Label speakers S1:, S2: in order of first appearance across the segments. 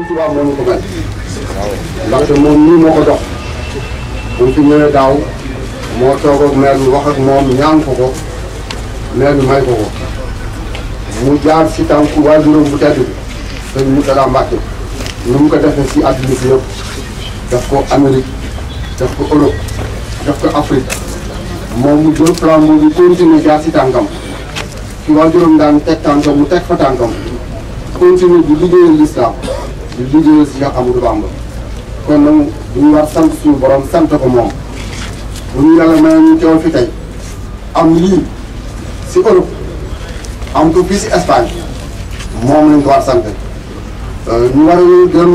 S1: Sëriñ Tuubaa moo ko may ndaxte moom nii moo ko dox buñ fi ñëwee daaw moo toog ak maire bi wax ak moom ko ko maire bi may ko ko mu jaar si tànku waajuram bu tedd bi sëñ Mourtada Mbàkke ni mu ko defee si àdduna si ko Amérique daf ko Europe daf ko moom mu jël plan boobu continuer jaar si tànkam si daan teg tànkam mu teg fa tànkam continuer di liggéeyal lislaam di liggéeyal si Cheikh Amadou Bamba kon nag duñu war sant suñu borom sant ko moom bu ñu yàlla may ñu teew fi tey am lii si Europe am ko fii si Espagne moom lañ ko war sant euh, ñu war a gën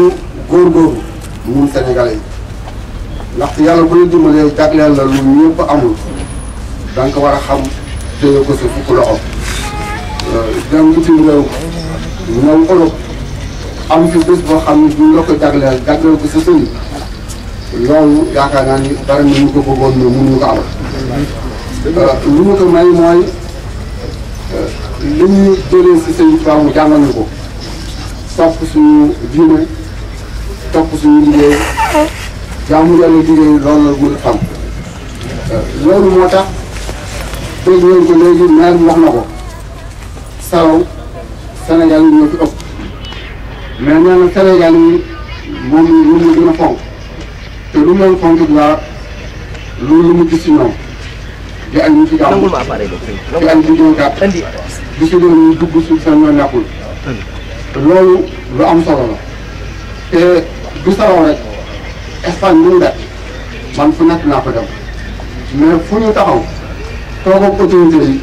S1: góorgóorlu ñun Sénégalais yi ndax yàlla bu la dimbalee jagleel la lu ñëpp amul da nga ko war a xam téye ko sa fukk loxo euh, dem bitim réew ñëw Europe am fi bés boo xam ne buñ la ko jagleel jagleel ko sa sëriñ loolu yaakaar naa ni dara nañu ko bëggoon mais mënuñu ko amal. lu ñu ko may mooy euh, li ñu jëlee si sëriñ Tuubaa mu jàngal ko topp suñu diine topp suñu euh, na ko salaw Sénégal yi ñoo fi ëpp. mais nee na Sénégal yi moom lu mu gën a fonk te lu mu leen fonk di lu mu si ñoom di ñu ci gàmm di di si leen ñu dugg suuf seen yoon nekkul loolu lu am solo la te du rek Espagne lu mu man fu nekk naa ko dem mais fu ñu taxaw toogoo autorité yi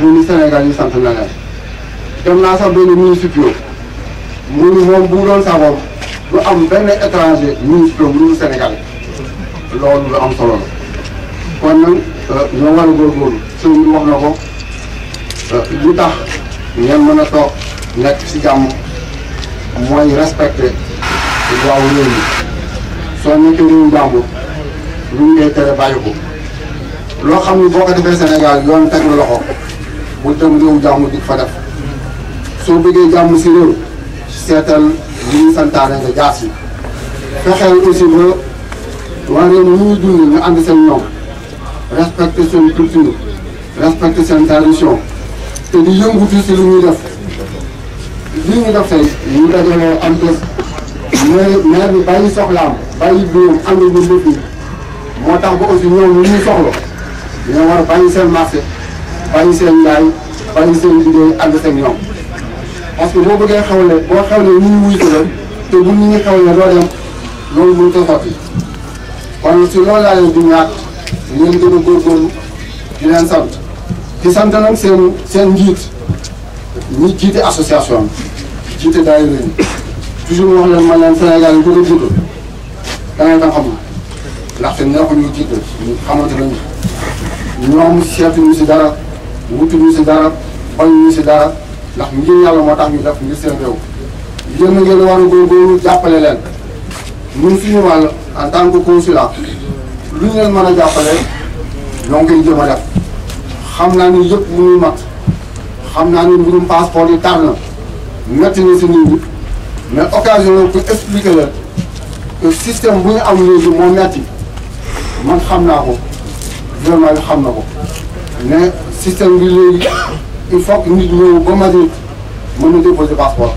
S1: mu ni Sénégal yi sant na leen naa sax benn municipio muy moom bu doon sagoom du am benn étranger ministre mu Sénégal loolu lu am solo la kon nag euh, ñoo war a góorgóorlu sëñ bi wax na ko euh, lu tax ngeen mën a toog nekk si jàmm mooy respecté waaw réew mi soo nekkee réew jàmbur lu xam ne boo ko defee Sénégal yoon teg la loxo di fa def soo bëggee jàmm si réew seetal li ñu santaane nga jaas yi aussi ba waa réew mi ñuy dund ñu ànd seen ñoom respecté seen culture respecté seen tradition te di yëngutu si lu ñuy def li ñu def tey ñu dajaloo am bés maire maire bi bàyyi soxlaam bàyyi biam ànd ñu lépp moo tax ba aussi ñoom li ñuy soxla ñoo war a bàyyi seen marché bàyyi seen njaay bàyyi seen liggéey ànd seen ñoom parce que boo bëggee xaw ne boo xaw ne ñu wuy ko te bu ñu xaw ne loo dem loolu mënut a sotti kon si loolu laa leen di ñaat ngeen gën a góorgóorlu di leen sant di sant nag seen seen njiit ñi jiite association jiite daay réew toujours wax leen man leen Sénégal yi gën a jiital da ngay tam xam neexuñu jiital ñu nañu ñoom seetuñu si dara wutuñu si dara bañuñu si dara. ndax ngir yàlla moo tax ñu def ngir seen réew yéen a war a góorgóorlu jàppale leen ñun suñu en tant que consulat lu ñu leen mën a jàppale ñoo koy jëm a def xam naa ni yëpp mënul mat xam naa ni mburum passeport yi tar na metti na si nit ñi mais occasion pour expliquer leen système bu ñu am léegi moo metti man xam naa ko gouvernement bi xam na ko mais système bi léegi il faut que nit ñëw ba Madrid mën na déposer passeport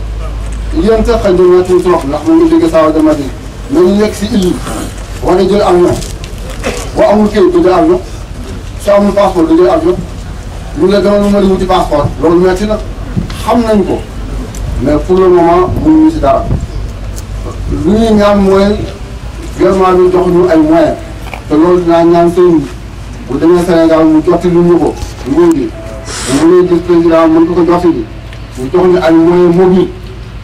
S1: yéen sax xëy na ñoo ciy soof ndax mu ngi jóge Sao de Madrid nañu nekk si île war a jël avion boo amul kayit du jël amul passeport du jël avion ñu la demal mën na xam nañ ko mais pour le moment mënuñu si dara lu ñuy ñaan mooy gouvernement bi jox ñu ay moyens te loolu dinaa ñaan seen bu demee Sénégal mu jotti lu ñu ko nguur gi mu ne gis président mën ko ko jox bi mu jox ñu ay moyens mobiles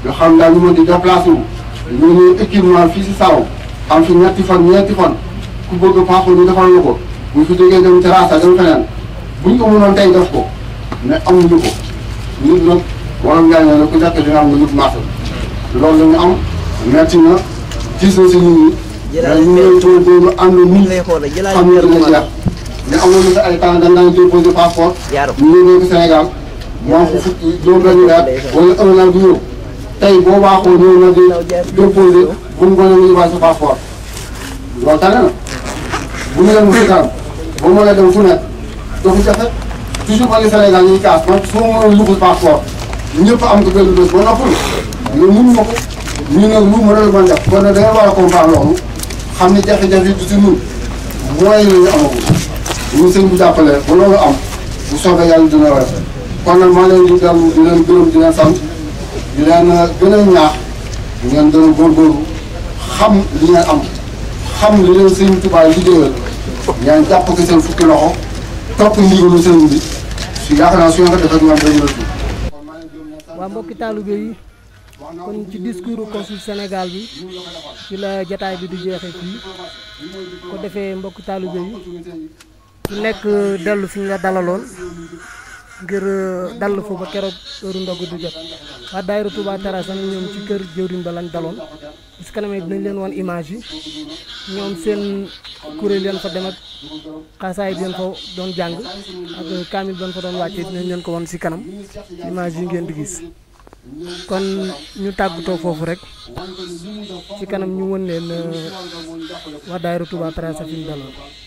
S1: yoo xam daal ñu mën di déplacé wu ñu ñëw équipement fii si Saloum am fi ñetti fan ñeenti fan ku bëgg a paaxu ñu defal la ko bu fi jógee dem terrasse dem feneen bu ñu ko mënoon tey def ko mais amuñu ko nit nag wala ngaa ñëw ku nekk dina am lu ñu marché loolu la am metti na gis na si nit ñi. jërëjëf mais ñu ngi lay góorgóorlu am na nit xam ne dina jeex. ñu amoon na ay temps dañ daan déposé passeport. ñu ñëw Sénégal. moom fu fukki juróom-benn weer wala un bu mu gone ñu baal sa passeport. loolu tane na. bu ñu demul si kanam ba mu nekk Sénégal ñuy kaas man su ma mënoon luxul passeport ñëpp am ko benn bés ba noppul mais mënu ma ko ma doon kon nag war a comprendre loolu xam ni jafe-jafe du si ñun mooy la ñu ñu sëñ bi jàppale ba loolu am bu soobee yàlla dina war kon nag leen di dem di leen gërëm di leen sant di gën a ñaax di leen gën a góorgóorlu xam li ngeen am xam li leen sëñ Tuubaa liggéeyal ngeen jàpp ko seen fukki loxo topp ndigalu sëñ bi su yaakaar naa su ngeen defee ñoom dañu la waa mbokki taalibe yi kon ci discours consul Sénégal bi ci la jataay bi du jeexee fii ko defee mbokki taalibe yi ku nekk dellu fi ñu la dalaloon ngir euh, dallu fa ba keroog heure ndogu du jot waa daayira Touba Terrassa nag ñoom ci kër jëwriñ ba lañ daloon parce que kanamee leen woon image yi seen kuréel leen fa dem ak xaasaay bi leen ko doon jàng ak kaamil doon ko doon wàccee dinañ leen ko woon si kanam image yi ngeen di gis kon ñu tàggatoo foofu rek ci kanam ñu wën leen euh, waa daayira Touba Terrassa fi ñu daloon